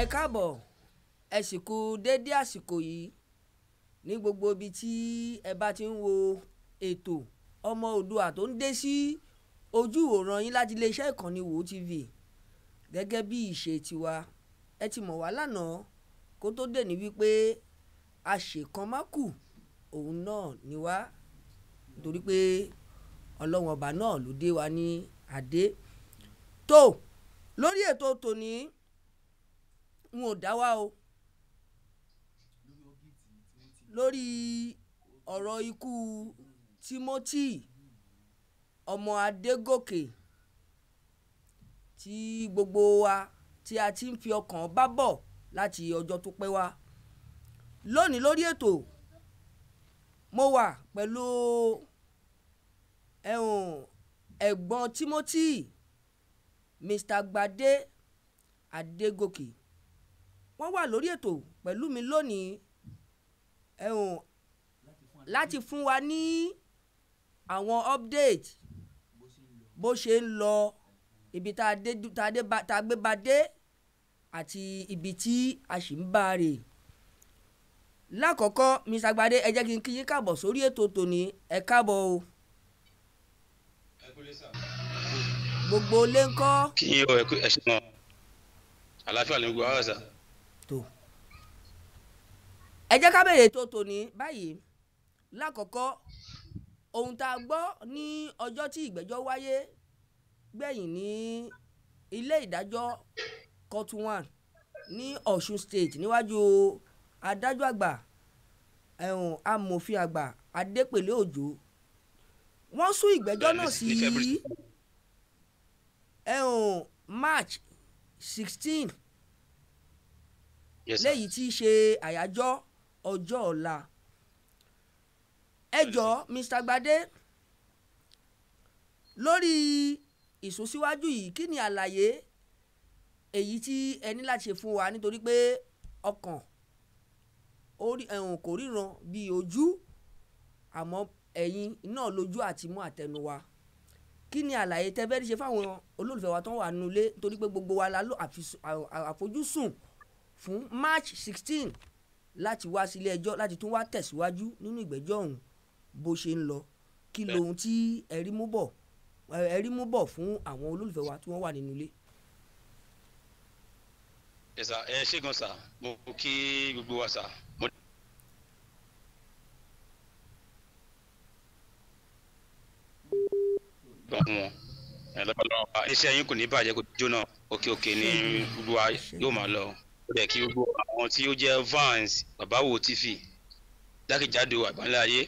ẹ káàbọ̀ ẹ sì kú déédé àsìkò yìí ní gbogbo ibi tí ẹ bá ti ń wo ètò ọmọ Oòduà tó ń dé sí ojú òòràn yín láti iléeṣẹ́ ìkànnì Wo TV gẹ́gẹ́ bí ìṣe tiwa ẹ ti mọ̀ wá lánàá kó tó dé ní wípé àṣekànmákù òun náà ni wá torí pé ọlọ́wọ̀n ọba náà ló dé wa ní adé tó lórí ètò tòní n ò dá wá o lórí ọ̀rọ̀ ikú Timothy ọmọ Adégòkè tí gbogbo wa tí a ti ń fi ọkàn bá bọ̀ láti ọjọ́ tó pẹ́ wá lónìí lórí ètò mo wà pẹ̀lú ẹ̀gbọ́n Timothy Mr. Gbadé Adégòkè wọ́n wà lórí ètò pẹ̀lú mi lónìí ẹ̀hún láti fún wa ní àwọn update bó ṣe ń lọ ibi tá a gbé ba dé àti ibi tí a sì ń bá a rè lákọ̀ọ́kọ́ Mr. Gbadé ẹ jẹ́ kí n kí yín káàbọ̀ sórí ètò tòní ẹ káàbọ̀ o. gbogbo lé kí n yọ ẹ ṣe mọ àlàáfíà lè gbọ́ àwọn ẹ̀sà ẹ jẹ́ ká bẹ̀rẹ̀ tó tòní báyìí lákọ̀ọ́kọ́ ohun tá a gbọ́ ní ọjọ́ tí ìgbẹ́jọ́ wáyé gbẹ̀yìn ní ilé ìdájọ́ court one ní Ọ̀ṣun state níwájú adájọ́ àgbà ẹ̀hún amòfin àgbà adépèlé òjò wọ́n sún ìgbẹ́jọ́ náà sí ẹ̀hún march sixteen léyìí tí í ṣe àyájọ́ ọjọ́ ọ̀la ẹ Mr. Gbadé lórí ìsúnsíwájú yìí kí ni àlàyé èyí tí ẹ ní láti ṣe fún wa nítorí pé ọkàn ẹ̀hún kò ríran bí ojú àmọ́ ẹ̀yin náà lójú àtìmú àtẹnu wa kí ni àlàyé tẹ́ fẹ́ẹ́ ṣe fáwọn olólùfẹ́ wa tó wà nínú ilé torí pé gbogbo wa la lò àfojúsùn fún March sixteen láti wá sílé ẹjọ́ láti tún wá tẹ̀síwájú nínú ìgbẹ́jọ́ ọ̀hún bó ṣe ń lọ kí lohun tí ẹ̀rí mú bọ̀ ẹ̀rí mú bọ̀ fún àwọn olólùfẹ́ wa tí wọ́n wà nínú ilé. ẹ sà ẹ ṣé gan sà mo kí gbogbo wa sà. iṣẹ́ yín kò ní bàjẹ́ kò jóná òkè òkè ni gbogbo wa yóò máa lọ rẹ̀ kí gbogbo àwọn tí ó jẹ́ Vance Babawo TV jákèjádò àgbáńlá ayé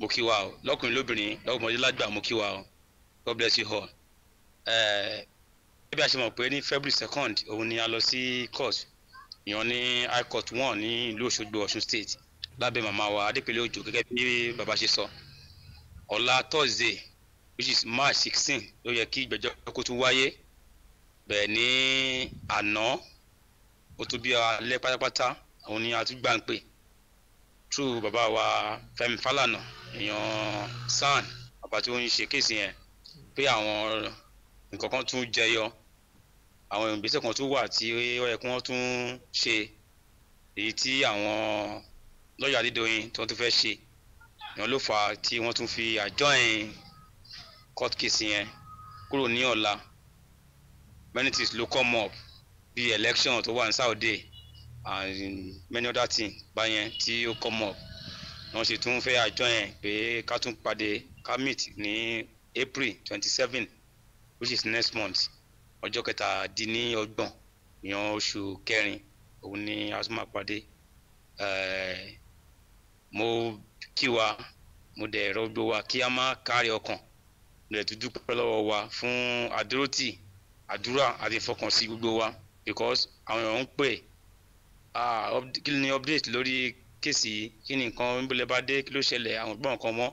mo kí wa o lọ́kùnrin lóbìnrin lọ́kùnrin lọ́gbà mo kí wa o God bless you all. bí a ṣe mọ̀ pé ní February second òun ni a lọ sí court ìyàn ní High Court one ní ìlú Òṣogbo Ọ̀ṣun state lábẹ́ màmá wa Adépẹ̀lẹ́ Òjó gẹ́gẹ́ bí bàbá ṣe sọ ọ̀la Thursday which is March sixteen ló yẹ kí ìgbẹ́jọ́ kó tún wáyé bẹ́ẹ̀ ní àná ó tó bí alẹ́ pátápátá òun ni a tún gbà ń pè tú bàbá wa Fẹ́mi Fálànà èèyàn SAN bàbá tí ó ń ṣe kéèsì yẹn pé àwọn nǹkan kan tún jẹyọ àwọn ìgbésẹ̀ kan tún wà tí ó yẹ kí wọ́n tún ṣe èyí tí àwọn lọ́yà Adédoyin tí wọ́n tún fẹ́ ṣe ìyẹn ló fà á tí wọ́n tún fi àjọyìn court case yẹn kúrò ní ọ̀la many things ló come up bí election tó wà ní Saudi and many other things báyẹn tí ó come up wọ́n sì tún fẹ́ àjọ yẹn pé ká tún pàdé ká meet ní April twenty seven which is next month ọjọ́ kẹtàdínlọ́gbọ̀n ìyẹn oṣù kẹrin òun ni a tún máa pàdé eh, mo kí wa mo dẹ̀ rọ́gbó wa kí a má kárí ọkàn mo dẹ̀ tún dúpẹ́ lọ́wọ́ wa fún àdúrótì àdúrà àti ìfọkànsí gbogbo wa because àwọn èèyàn ń pè kí ni update lórí kéèsì kí ni nǹkan níbulẹ̀ bá dé kí ló ṣẹlẹ̀ àwọn gbọ́n nǹkan mọ́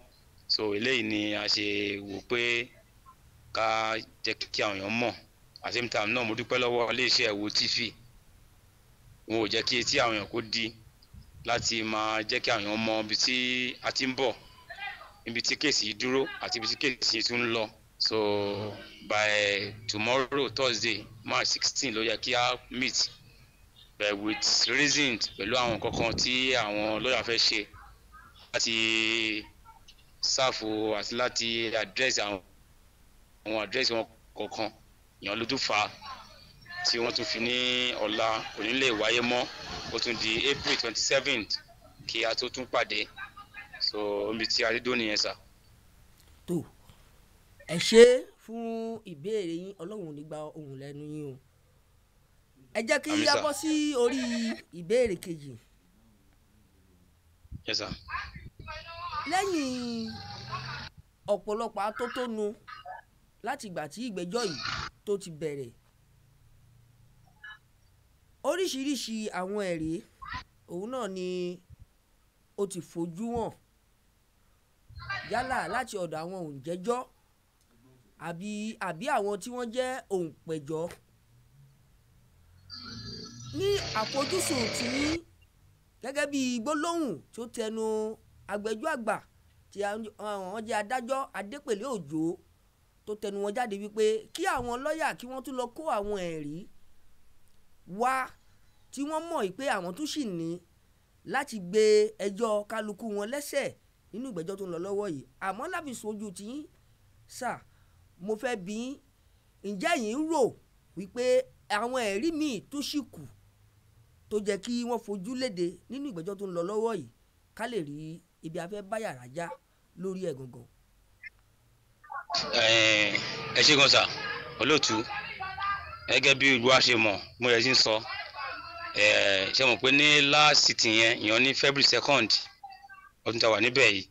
so eléyìí ni a ṣe wò pé ká jẹ́ kí àwọn èèyàn mọ̀ at same time náà mo dúpẹ́ lọ́wọ́ iléeṣẹ́ Wo TV wọn ò jẹ́ kí etí àwọn èèyàn kó di láti máa jẹ́ kí àwọn èèyàn mọ ibi tí a ti ń bọ̀ ibi tí kéèsì yìí dúró àti ibi tí kéèsì yìí tún ń lọ so by tomorrow thursday march sixteen ló yẹ kí a meet but with reason pẹ̀lú àwọn kankan tí àwọn lọ́yà fẹ́ ṣe láti ṣàfù àti láti àdírẹ́sì àwọn àwọn address, wọn kọ̀ọ̀kan èèyàn ló tún fà á tí wọ́n tún fi ní ọ̀la kò ní lè wáyé mọ́ ó tún di april twenty seventh kí a tó tún pàdé so omi tí adédọ́ nìyẹn sà. tó ẹ ṣe fún ìbéèrè yín ọlọ́run ò ní gba ohùn lẹ́nu yín o ẹ jẹ́ kí a bọ́ sí orí ìbéèrè kejì. Yes sir. lẹ́yìn ọ̀pọ̀lọpọ̀ atótónu láti ìgbà tí ìgbẹ́jọ́ yìí tó ti bẹ̀rẹ̀ oríṣiríṣi àwọn ẹ̀rí òun náà ni ó ti fojú hàn yálà láti ọ̀dọ̀ àwọn òǹjẹ́jọ́ àbí àbí àwọn tí wọ́n jẹ́ òǹpẹ̀jọ́ ní àfojúsùn tí gẹ́gẹ́ bí gbólóhùn tó tẹnu agbẹjọ́ àgbà tí àwọn jẹ́ adájọ́ Adépèlé Òjó tó tẹnu wọn jáde wípé kí àwọn lọ́ọ̀yà kí wọ́n tún lọ kó àwọn ẹ̀rí wá tí wọ́n mọ̀ pé àwọn tún sì ní láti gbé ẹjọ́ kálukú wọn lẹ́sẹ̀ nínú ìgbẹ́jọ́ tó ń lọ lọ́wọ́ yìí àmọ́ láfi sojú tí sà mo fẹ́ bí ǹjẹ́ yìí ń rò wípé àwọn ẹ̀rí míì tó ṣì kù tó jẹ́ kí wọ́n fojú léde nínú ìgbẹ́jọ́ tó ń lọ lọ́wọ́ yìí ká lè rí ibi afẹ́ báyàrá já lórí ẹ̀ gangan. ẹ ṣe gan sà olóòtú gẹ́gẹ́ bí ìlú wa ṣe mọ̀ mo yẹ sí ń sọ ṣe mọ̀ pé ní last yẹn ìyẹn ní February second ọdún tá a wà níbẹ̀ yìí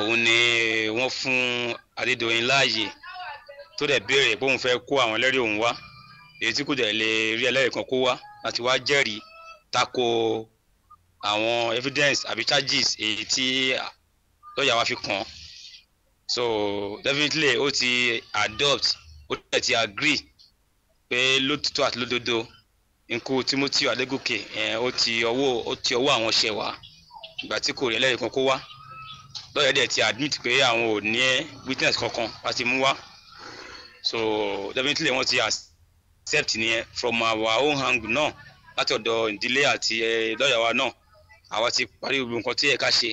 òun ni wọ́n fún Adédoyin láàyè tó dẹ̀ béèrè pé òun fẹ́ kó àwọn ẹlẹ́rìí òun wá èyí tí kò dẹ̀ lè rí ẹlẹ́rìí kan kó wá láti wá jẹ́rìí tako àwọn evidence àbí charges èyí tí lọ́ọ̀yà wa fi kàn án so definitely ó ti adopt ó dẹ̀ ti agree pé lótìtọ́ àti lódodo nkú Timothy Adégòkè ó ti ọwọ́ ó ti ọwọ́ àwọn ṣẹ̀ wá ìgbà tí kò rí ẹlẹ́rìí kan kó wá lọ́ọ̀yà dẹ̀ ti admit pé àwọn ò ní witness kankan láti mú wá so definitely wọ́n ti accept nìyẹn from our own hand náà láti ọ̀dọ̀ ìdílé àti eh, lọ́ọ̀yà wa náà àwa ti parí gbogbo nǹkan tí ẹ̀ka ṣe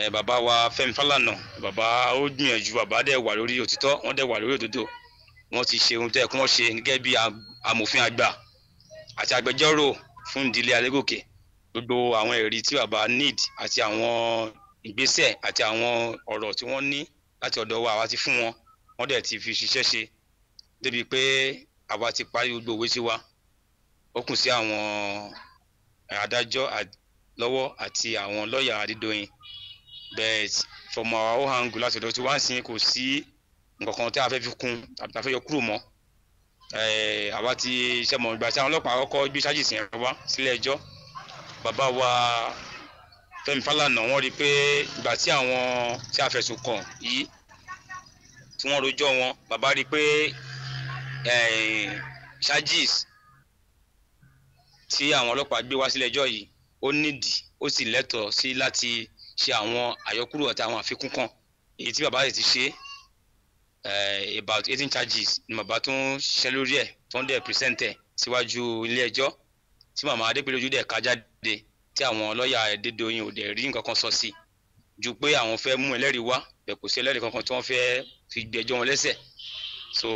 eh, bàbá wa Fẹ́mi Fálànà bàbá ó gbìyànjú bàbá dẹ̀ wà lórí òtítọ́ wọ́n dẹ̀ wà lórí òdodo wọ́n ti ṣe ohun tó yẹ kí wọ́n ṣe gẹ́gẹ́ bí amòfin àgbà àti agbẹjọ́rò fún ìdílé Adégòkè gbogbo àwọn ẹ̀rí tí bàbá need àti àwọn ìgbésẹ̀ àti àwọn ọ̀rọ̀ tí wọ́n ní láti ọ̀dọ̀ wa àwa ti fún wọn wọ́n dẹ̀ ti fi ṣiṣẹ́ ṣe débi pé àwa ti parí gbogbo òwe sí wa ó kù sí àwọn adájọ́ lọ́wọ́ àti àwọn lọ́ọ̀yà Adédoyin but from our own angle láti ọ̀dọ̀ tí wọ́n á sin kò sí nǹkan tí a fẹ́ fi kún tàbí tá a fẹ́ yọ kúrò mọ́ eh, àwa ti iṣẹ́ mọ̀ ìgbà tí àwọn ọlọ́pàá kọ́kọ́ gbé ṣáàjì sí ẹ̀rọ wá sílé ẹjọ́ bàbá wa Fẹ́mi Fálànà wọ́n rí i pé ìgbà tí àwọn tí a fẹ̀sùn kàn yìí tí wọ́n rojọ́ wọn bàbá rí i pé eh, charges tí àwọn ọlọ́pàá gbé wá sílé ẹjọ́ yìí ó nídìí ó sì lẹ́tọ̀ọ́ sí láti ṣe àwọn àyọkúrò àti àwọn àfikún kan èyí tí bàbá rẹ̀ ti ṣe eh, about eighteen charges ni bàbá tó ń ṣiṣẹ́ lórí ẹ̀ tó ń dẹ̀ present ẹ̀ síwájú ilé ẹjọ́ tí màmá adépẹ́lẹ́jú dẹ̀ ká jáde tí àwọn lọ́ọ̀yà Adédoyin ò dẹ̀ rí nǹkan kan sọ sí i ju pé àwọn fẹ́ mú ẹlẹ́rìí wá bẹ̀ kò sí ẹlẹ́rìí kankan tí wọ́n fẹ́ fi gbẹjọ́ wọn lẹ́sẹ̀ so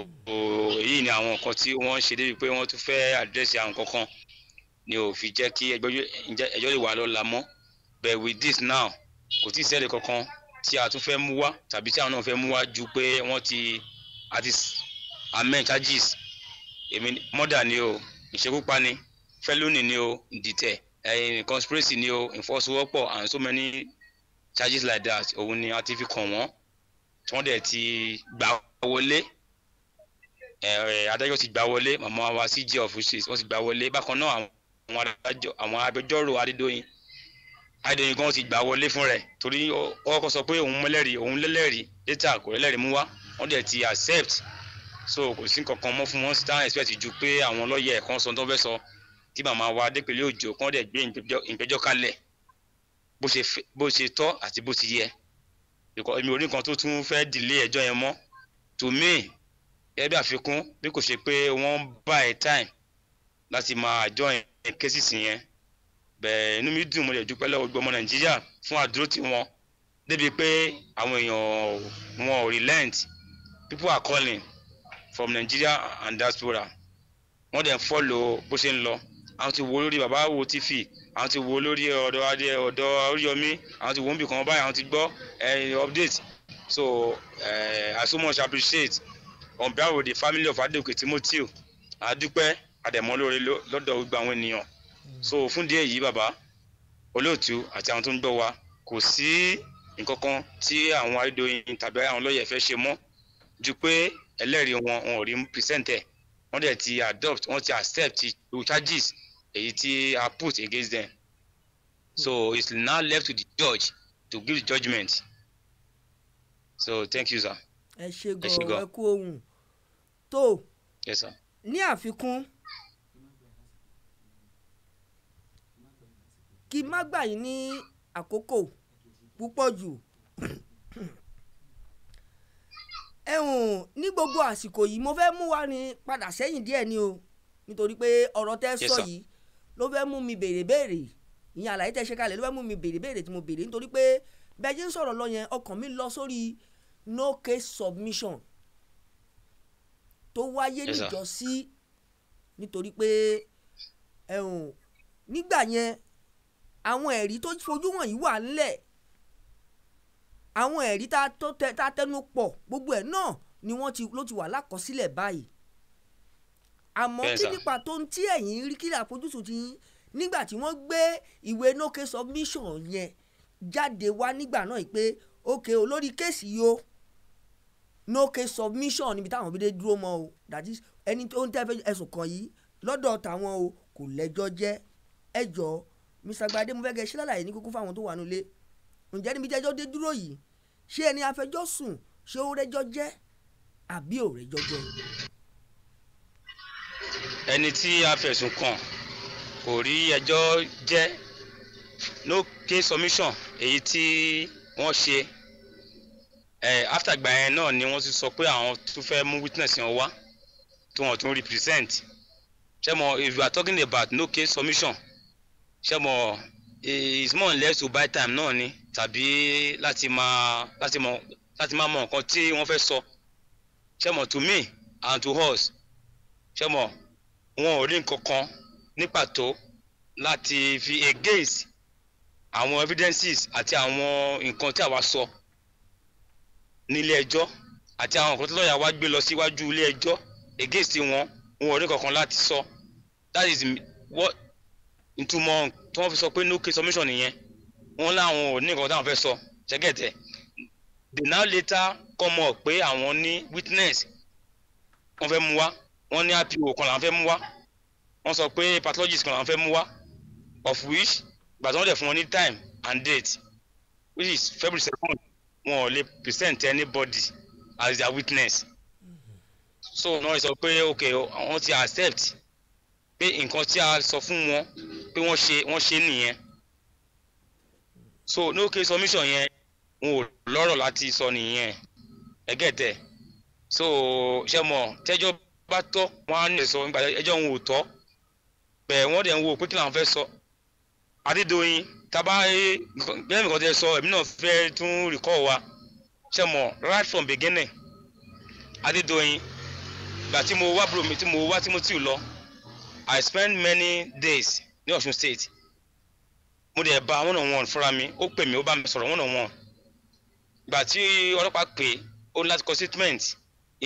èyí ni àwọn nǹkan tí wọ́n ń ṣe débi pé wọ́n tún fẹ́ àdírẹ́sì àwọn kankan ni ò fi jẹ́ kí ẹjọ́ lè wà lọ́la mọ́ but with this now kò tí ì sẹ́lẹ̀ kankan tí a tún fẹ́ mú wá tàbí tí àwọn náà fẹ́ mú wá ju pé wọ́n ti àti amen charges èmi mọ́dà ni o ìṣekúpani felony ni o dìtẹ̀ eh, conspiracy ni o ìfọwọ́sowọ́pọ̀ and so many charges like that òun ni a ti fi kàn wọ́n tí wọ́n dẹ̀ ti gbà wọlé eh, adájọ́ ti gbà wọlé màmá wa CJ of Wusses wọ́n ti gbà wọlé bákan náà àwọn adájọ́ àwọn agbẹjọ́rò Adédọ́yìn Adédọ́yìn gan ti gbà wọlé fún rẹ̀ torí ọkọ̀ sọ pé òun mẹ́lẹ́rìí òun lẹ́lẹ́rìí data kò lẹ́lẹ́rìí mú wá wọ́n dẹ̀ ti accept so kò sí nǹkan kan mọ́ fún wọn star expect ju pé àwọn lọ́ọ̀yẹ̀ kan sọ tó fẹ́ sọ kí màmá wa Adépẹ̀lẹ́ Òjó kan dẹ̀ gbé ìgbẹ́jọ́ kalẹ̀ bó ṣe bó ṣe tọ́ àti bó ti yẹ ìkọ́ èmi orí kan tó tún fẹ́ dìlé ẹjọ́ yẹn mọ́ to me gẹ́gẹ́ bí àfikún bí kò ṣe pé wọ́n buy time láti máa join cases yẹn bẹ́ẹ̀ inú mi dùn mo lè dúpẹ́ lọ́wọ́ gbọmọ Nàìjíríà fún àdúró tí wọn débi pé àwọn èèyàn wọn ò relent people are calling from Nigeria and diaspora wọ́n dẹ̀ ń follow bó ṣe ń lọ àwọn ti wo lórí bàbá wo TV àwọn ti wo lórí ọ̀dọ̀ adé ọ̀dọ̀ oríyọmí àwọn ti wo níbi kan báyìí àwọn ti gbọ́ eh, update so eh, I so much appreciate on behalf of the family of Adeoke Timothy adúpẹ́ àdẹ̀mọ́lóore lọ́dọ̀ gbogbo àwọn ènìyàn so fún díẹ̀ yìí bàbá olóòtú àti àwọn tó ń gbọ́ wa kò sí nǹkan tí àwọn Adédoyin tàbí àwọn lọ́yẹ̀ fẹ́ ṣe mọ́ ju pé ẹlẹ́rìí wọn wọn ò rí present ẹ̀ wọ́n dẹ̀ ti adopt wọ́n ti accept charges èyí tí put against them so hmm. it's now left to the judge to give the judgement so thank you sir. ẹ ṣe gan ẹ kú ohun tó ní àfikún kí má gbà yín ní àkókò púpọ̀ jù ẹ̀hún ní gbogbo àsìkò yìí mo fẹ́ mú wa ní padà sẹ́yìn díẹ̀ ni o nítorí pé ọ̀rọ̀ tẹ́ sọ yìí ló fẹ́ mú mi béèrè béèrè ìyẹn àlàyé tẹ́ ṣe kalẹ̀ ló fẹ́ mú mi béèrè béèrè tí mo béèrè nítorí pé bẹ́ẹ̀ jẹ́ ń sọ̀rọ̀ lọ yẹn ọkàn mi lọ sórí no case submission tó wáyé níjọ́sí nítorí pé ẹ̀hún nígbà yẹn àwọn ẹ̀rí tó fojú wọn yìí wà ńlẹ̀ àwọn ẹ̀rí tá a tẹnu pọ̀ gbogbo ẹ̀ náà ni wọ́n ti ló ti wà lákọsílẹ̀ báyìí àmọ́ kí nípa tó ń tí ẹ̀yìn rí kí àfojúsùn ti yín nígbà tí wọ́n gbé ìwé no case submission yẹn jáde wá nígbà náà pé okay olórí kéèsì yìí o no case submission níbi táwọn òbí dé dúró mọ́ o that is ẹni tó ń tẹ́ fẹ́ ẹ̀sùn kàn yìí lọ́dọ̀ tàwọn o kò lẹ́jọ́ jẹ́ ẹjọ́ Mr. Gbadé mo fẹ́ kẹ́ ṣe lálàyé ní kúkú fáwọn tó wà nílé ǹjẹ́ níbi jẹ́jọ́ dé dúró yìí ṣé ẹni afẹjọ́sùn ṣé ó rẹ́jọ́ jẹ́ àbí ò rẹ́jọ́ jẹ́ ẹni tí a fẹ̀sùn kàn kò rí ẹjọ́ jẹ́ no case submission èyí tí wọ́n ṣe after gbà yẹn náà ni wọ́n ti sọ pé àwọn tún fẹ́ mú witness yẹn wá tí wọ́n tún represent ṣé if you are talking about no case submission ṣé mo it's more or less to buy time náà ni tàbí láti máa láti mọ láti máa mọ nǹkan tí wọ́n fẹ́ sọ ṣé to me and to us ṣé wọn ò rí nǹkan kan ní pàtó láti fi against àwọn evidences àti àwọn nǹkan tí àwa sọ nílé ẹjọ́ àti àwọn nǹkan tí lọ́ọ̀yà wa gbé lọ síwájú ilé ẹjọ́ against wọn wọn ò rí nǹkan kan láti sọ that is what ìtumọ̀ tí wọ́n fi sọ pé no case submission nìyẹn wọn láwọn ò ní nǹkan táwọn fẹ́ sọ ṣẹ́gẹ̀tẹ̀ they now later come up pé àwọn ní witness wọ́n fẹ́ mú wá wọ́n ní apo kan là ń fẹ́ mú wá wọ́n sọ pé pathologist kan là ń fẹ́ mú wá of which gbàtọ́ wọ́n dẹ̀ fún wọn ní time and date which is February second wọn ò lè present anybody as their witness so náà sọ pé ok wọ́n ti accept pé nǹkan tí a sọ fún wọn pé wọ́n ṣe wọ́n ṣe nìyẹn so no case submission yẹn wọn ò lọ́rọ̀ láti sọ nìyẹn ẹ̀gẹ́tẹ̀ so ṣe mọ̀ tẹ́jọ́ bá tọ́ wọn á ní ẹ̀sọ́ nípa ẹjọ́ òun ò tọ́ bẹ́ẹ̀ wọ́n dẹ̀ ń wo pé kí làwọn fẹ́ sọ Adédoyin taba bẹ́ẹ̀ nìkan tẹ sọ èmi náà fẹ́ tún rìkọ́ wa ṣe mọ̀ right from beginning Adédoyin gbà tí mo wá bro mi tí mo wá Timothy lọ I spend many days ní Ọ̀ṣun state mo dẹ̀ bá one on one fúnra mi ó pè mí ó bá mi sọ̀rọ̀ one on one gbà tí ọlọ́pàá pè ó ní láti kọ statement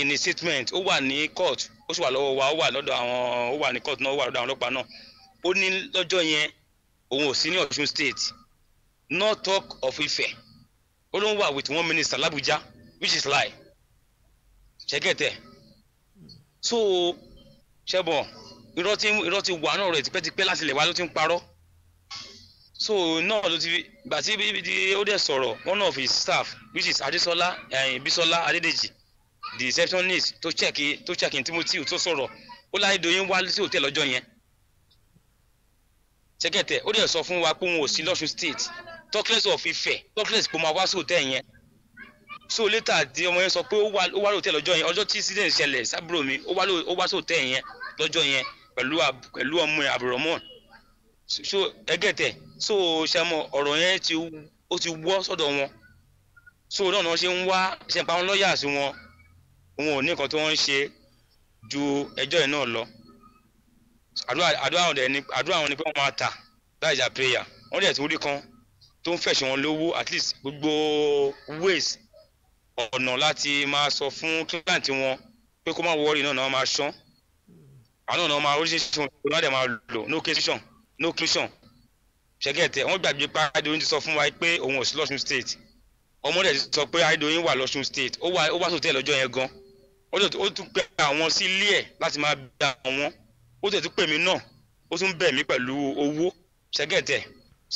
ìní statement ó wà ní court ó sì wà lọ́wọ́ wa ó wà lọ́dọ̀ àwọn ó wà ní court náà ó wà lọ́dọ̀ àwọn ọlọ́pàá náà ó ní lọ́jọ́ yẹn òun ò sí ní Ọ̀ṣun state no talk of Ifẹ̀ ó ló ń wà with one minister l'Abuja which is lie ṣẹ́gẹ̀tẹ̀ so ṣẹ́bọ̀ irọ́ tí irọ́ tí wà náà rẹ̀ tipẹ́tipẹ́ láti lè wá ló ti ń parọ́ so náà ló ti gbà tí ó dẹ̀ sọ̀rọ̀ one of his staff which is Adesola eh, Bisola Adedeji. Eh, the receptionist tó check tó check in Timothy tó sọ̀rọ̀ ó láyé doyin wá sí hòtẹ́ẹ̀lì ọjọ́ yẹn ṣẹ́kẹ̀tẹ̀ ó dẹ̀ sọ fún wa pé òun ò sí lọ́sùn state talkless of ife. talkless pé ó máa wá sí hòtẹ́ẹ̀lì yẹn so later di ọmọ yẹn sọ pé ó wá hòtẹ́ẹ̀lì ọjọ́ yẹn ọjọ́ tí incident ṣẹlẹ̀ sábúrò mi ó wá sí hòtẹ́ẹ̀lì yẹn lọ́jọ́ yẹn pẹ̀lú ọmọ àbúrọ̀mọ́ọ̀n so ẹgẹtẹ so ṣàmọ ọ̀rọ̀ yẹn ti ó ti wọ sọ́dọ̀ wọn so náà ni wọn ṣe ń wá ṣẹpà wọn lọ́ọ̀yà sí wọn wọn ò ní nǹkan tí wọ́n ń ṣe ju ẹjọ́ yìí náà lọ àdúrà àwọn ni pé wọ́n máa tà láì jà prayer wọ́n dẹ̀ tún rí kan tó ń fẹ̀sùn wọn lówó at least gbogbo ways ọ̀nà láti máa sọ fún client wọn pé kó má wọrí náà náà máa ṣán àwọn náà máa oríṣiríṣi wọn náà dẹ̀ máa lò no question no question ṣẹ́gẹ̀tẹ̀ wọ́n gbàgbé pa Adéoyin ti sọ fún wa pé òun ò sí lọ́sùn state ọmọdé ti sọ pé Adéoyin wà lọ́sùn state ó wá sòtẹ́ẹ̀lì ọjọ́ yẹn gan-an ó tún gbé àwọn sílé ẹ̀ láti máa bẹ àwọn ó tẹ̀ tún pè mí náà ó tún bẹ̀ mí pẹ̀lú owó ṣẹ́gẹ̀tẹ̀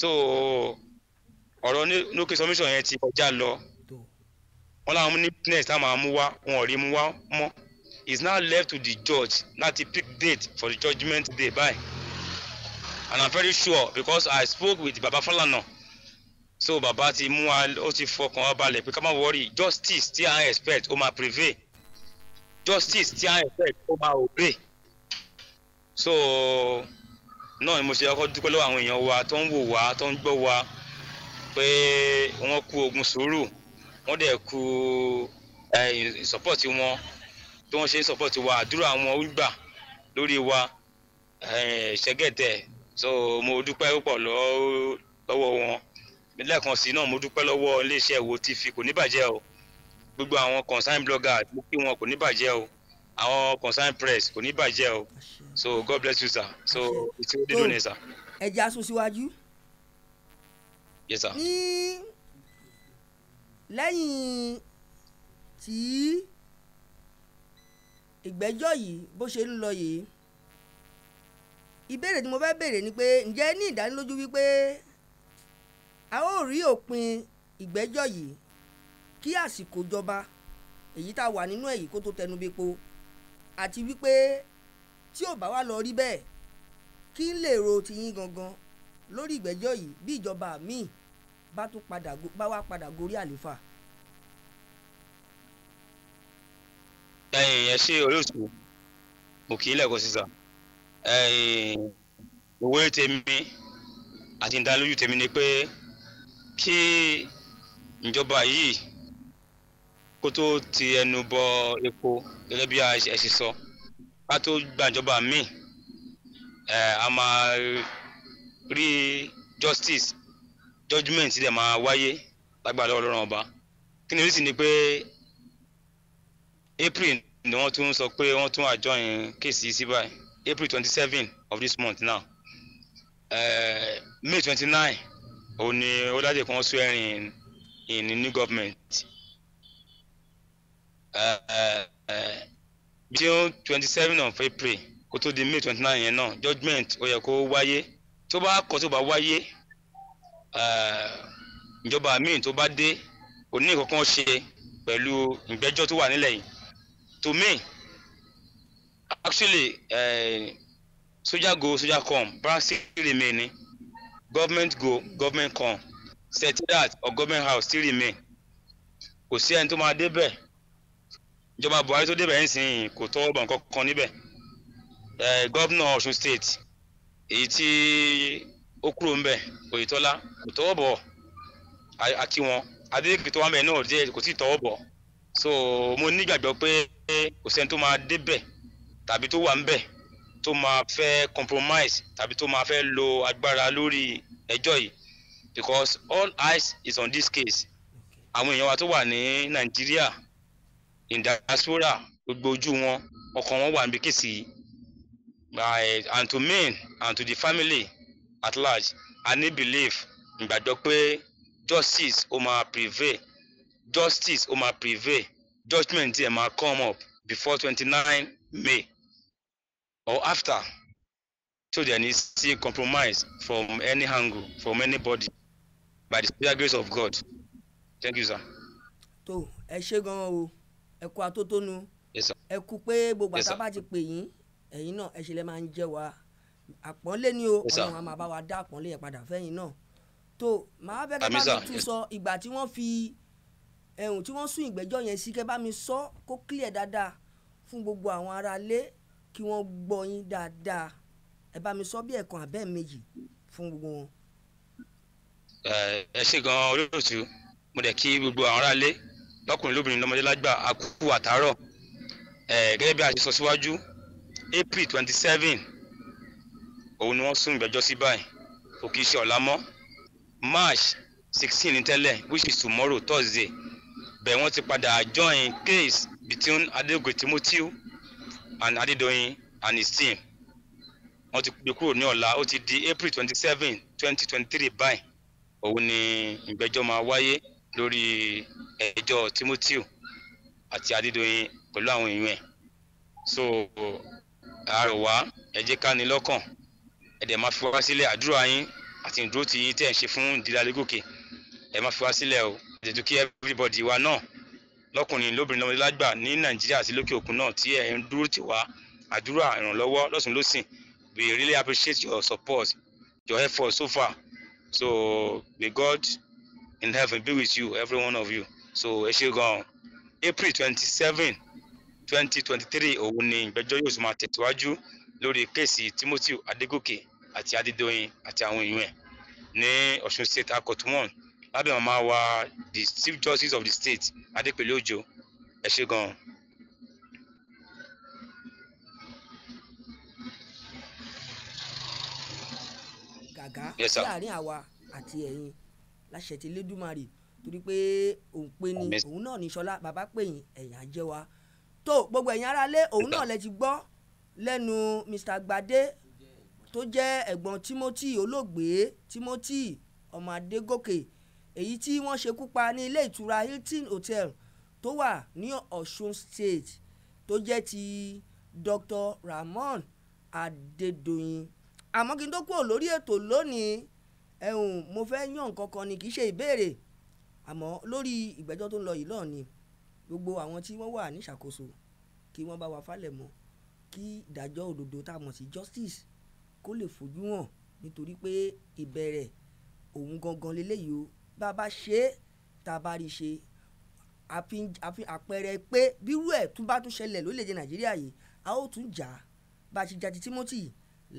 so ọ̀rọ̀ nókè submission yẹn ti kọjá lọ wọn làwọn ní business táwọn máa mú wá wọn ò rí mú wá mọ́ it's now left to the judge láti pick date for the judgement day bye and i'm very sure because i spoke with baba Falana so baba ti mú wa ó ti fọkàn wa balẹ̀ pé ká má worry justice tí i expect ó máa prevail justice tí a expect ó máa obey so náà ni mo ṣe ọkọ dúpẹ́ lọ́wọ́ àwọn èèyàn wa tó ń wò wá tó ń gbọ́ wa pé wọ́n kú ogun sùúrù wọ́n dẹ̀ kú support wọn tí wọ́n ṣe ń support wa àdúrà wọn ó gbà lórí wa ṣẹ́gẹ̀dẹ̀ so mo dúpẹ́ púpọ̀ lọ́wọ́ wọn lẹ́ẹ̀kan sí náà mo dúpẹ́ lọ́wọ́ iléeṣẹ́ Wo TV kò ní bàjẹ́ o gbogbo àwọn concern bloggers mo kí wọn kò ní bàjẹ́ o àwọn concern press kò ní bàjẹ́ o so god bless you sir so ìtí ó dédò ní sir. ẹ jẹ́ aṣọ síwájú. yes sir. ní lẹ́yìn tí ìgbẹ́jọ́ yìí bó ṣe ń lọ yìí ìbéèrè tí mo fẹ́ béèrè ni pé ǹjẹ́ ní ìdánilójú wípé a ó rí òpin ìgbẹ́jọ́ yìí kí àsìkò jọba èyí tá a wà nínú èyí kó tó tẹnu bepo àti wípé tí ò bá wá lọ rí bẹ́ẹ̀ kí n lè ro tiyín gangan lórí ìgbẹ́jọ́ yìí bí ìjọba míì bá tún padà bá wá padà gorí àléfà. ẹ̀yìn yẹn ṣé olóòtú mo kì í òwe tèmi àti ìdánilójú tèmi ni pé kí ìjọba yìí kó tó ti ẹnu bọ epo gẹ́gẹ́ bí ẹ ṣe sọ ká tó gbàjọba míì ẹ a máa rí justice judgement dẹ̀ máa wáyé lágbàdo ọlọ́run ọba kí ni oríṣi ni pé April ni wọ́n tún sọ pé wọ́n tún adjourn kéèsì sí báyìí April twenty seven of this month now uh, May twenty nine òun ni ó dájú pé wọ́n swearing in in new government june uh, uh, twenty seven of april kó tó di may twenty nine yẹn náà judgement ó yẹ kó wáyé tó bá kọ̀ tó bá wáyé uh, ìjọba míì tó bá dé kò ní kankan ṣe pẹ̀lú ìgbẹ́jọ́ tó wà nílẹ̀ yìí to me actually uh, soja go soja come brown still remain ni government go government come that or government house still remain kò sí ẹni tó máa débẹ̀ ìjọba Buhari tó débẹ̀ ń sìn kò tọ́ ọgbọ̀n kankan níbẹ̀ gọ́vnà Ọ̀ṣun state èyí tí ó kúrò ń bẹ̀ Oyètọ́lá kò tọ́wọ́ bọ̀ àti wọn Adélékè tó wà náà díẹ̀ kò tí ì tọ́wọ́ bọ̀ so mo nígbàgbọ́ pé kò sẹ́ni tó máa débẹ̀ tàbí tó wà ń bẹ̀ tó máa fẹ́ compromise tàbí tó máa fẹ́ lo agbára lórí ẹjọ́ yìí because all eyes is on this case àwọn èèyàn wa tó wà ní Nàìjíríà ìdásóra gbogbo ojú wọn ọkàn wọn wà níbi kìsì and to men and to the family at large i need belief ìgbàgbọ́ pé justice ó máa prevail justice ó máa prevail judgment ẹ̀ máa come up before twenty nine may or after so there needs to compromise from any angle from anybody by the special grace of God thank you sir. tó ẹ ṣe gan-an o ẹ kú atótónu ẹ kú pé gbogbo àtàbà ti pè yín ẹ̀yin náà ẹ ṣe lè máa ń jẹ́ wa àpọ́nlé ni o ọ̀nà àmà bá wa dá àpọ́nlé yẹn padà fẹ́yìn náà tó màá bẹ́ẹ̀ kẹ́ bá mi tún sọ ìgbà tí wọ́n fi ẹ̀hún tí wọ́n sún ìgbẹ́jọ́ yẹn sí kẹ́ bá mi sọ kó clear dáadáa fún gbogbo àwọn aráalé kí wọ́n gbọ́ yín dáadáa ẹ bá mi sọ bí ẹ̀kan àbẹ́ méjì fún gbogbo wọn. ẹ ṣe gan olóòtú mo dẹ̀ kí gbogbo àwọn aráalé lọ́kùnrin lóbìnrin lọ́mọdé lágbà àkúkú àtàárọ̀ gẹ́gẹ́ bí a ṣe sọ síwájú april twenty seven òun ni wọ́n sún ìgbẹ́jọ́ sí báyìí kò kì í ṣe march sixteen ní tẹ́lẹ̀ which is tomorrow thursday bẹ́ẹ̀ wọ́n ti padà join case between adegoke timothy and adedoyin and his team wọ́n ti gbé kúrò ní ọ̀la ó ti di april twenty seven twenty twenty three báyìí òun ni ìgbẹ́jọ́ máa wáyé lórí ẹjọ́ Timothy àti Adédoyin pẹ̀lú àwọn èèyàn ẹ̀ so ààrẹ wa ẹ jẹ́ ká ní lọ́kàn ẹ dẹ̀ máa fi wá sílẹ̀ àdúrà yín àti ìdúró tí yín tẹ̀ ń ṣe fún ìdílé Alégòkè ẹ máa fi wá sílẹ̀ o ẹ kí everybody wa náà lọ́kùnrin lóbìnrin lọ́mọdé lágbà ní Nàìjíríà àti lókè òkun náà tí ẹ ń dúró tì wá àdúrà ìrànlọ́wọ́ lọ́sùn lọ́sìn we really appreciate your support your effort so far so may God in heaven be with you, every one of you. So ẹ ṣe gan April twenty seven twenty twenty three òun ni ìgbẹ́jọ́ yóò sì máa tẹ̀síwájú lórí kéèsì Timothy Adégòkè àti Adédọ́yìn àti àwọn èèyàn ẹ̀ ní Ọ̀ṣun State Accord one lábẹ́ màmá wa the Chief Justice of the state Adépèlé Òjó ẹ ṣe gan-an. gàgá láàrin àwa àti ẹ̀yin láṣẹ ti lẹ́dùmarè torí pé òun pé ni òun náà ní sọlá bàbá pè yín ẹ̀yìn àjẹ́ wa tó gbogbo ẹ̀yin aráalé òun náà lẹ ti gbọ́ lẹ́nu Mr. Gbadé tó jẹ́ ẹ̀gbọ́n Timothy olóògbé Timothy ọmọ Adégòkè èyí tí wọ́n ṣekú pa ní ilé ìtura Hilton Hotel tó wà ní Ọ̀ṣun State tó jẹ́ ti Dr. Ramon Adedoyin. àmọ́ kí n tó kúrò lórí ètò lónìí ẹ̀hún mo fẹ́ yàn nǹkan ni kì í ṣe ìbéèrè àmọ́ lórí ìgbẹ́jọ́ tó ń lọ yìí lọ́ọ̀ ni gbogbo àwọn tí wọ́n wà níṣàkóso kí wọ́n bá wa falẹ̀ mọ́ kí ìdájọ́ òdodo tá a mọ̀ sí justice kó lè fojú hàn nítorí pé ìbẹ̀rẹ̀ òun gangan leléyìí o bá a bá ṣe é tá a bá rí i ṣe àpẹẹrẹ pé bírú ẹ̀ tún bá tún ṣẹlẹ̀ lórílẹ̀‐èdè nàìjíríà yìí a ó tún jà bá a ṣe jà ti Timothy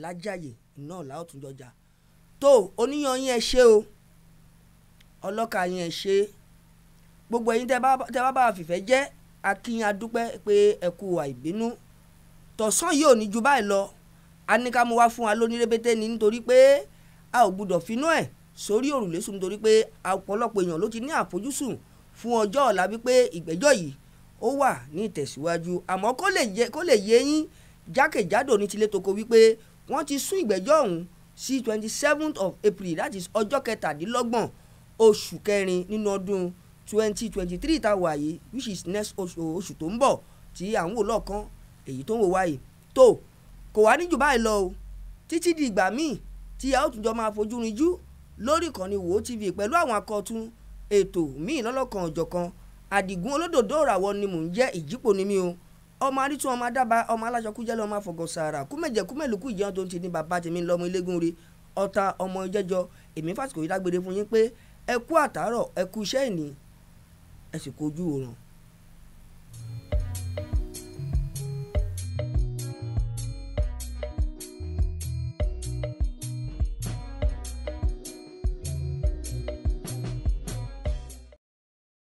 lájàyè náà la ó tún jọ jà tó oníyan yín ẹ ṣe o ọlọ́kà yín ẹ ṣe gbogbo ẹ̀yin tẹ́ bá bá fìfẹ́ jẹ́ akínyìn adúpẹ́ pé ẹ kú àìbínú tọ̀sán yìí ò ní ju báyìí lọ a ní ká mú wá fún wa lóní ni nítorí pé a ò gbúdọ̀ finú ẹ̀ sórí òrùlé sùn nítorí pé ọ̀pọ̀lọpọ̀ èèyàn ló ti ní àfojúsùn fún ọjọ́ ọ̀la wípé ìgbẹ́jọ́ yìí ó wà ní ìtẹ̀síwájú àmọ́ kó lè yé yín jákèjádò ní tilé wípé wọ́n ti sún ìgbẹ́jọ́ ọ̀hún sí twenty seventh of april that is ọjọ́ kẹtàdínlọ́gbọ̀n oṣù kẹrin nínú ọdún twenty twenty three tá wà yìí which is next oṣù tó ń bọ̀ tí à ń wò lọ́ọ̀kan èyí tó ń wò wáyé tó kò wá níjù báyìí lọ o títí di ìgbà míì tí a ó tún jọ máa fojú rinjú lórí ìkànnì wo tv pẹ̀lú àwọn akọ̀tún ètò míì lọ́lọ́kan ọ̀jọ̀kan àdìgún olódòdó òràwọ̀ ni mò ń jẹ́ ìjípò ni mí o ọmọ arítú ọmọ adába ọmọ alájọkújẹlẹ ọmọ àfọgọsàrà kúmẹjẹ kúmẹlùkù ìjẹun tó ń ti ní bàbá tèmi lọmọ ilégún re ọ̀tá ọmọ jẹjọ èmi fásitì kò yí dágbére fún yín pé ẹ kú àtàárọ̀ ẹ kú iṣẹ́ ìní ẹ sì kojú òòrùn.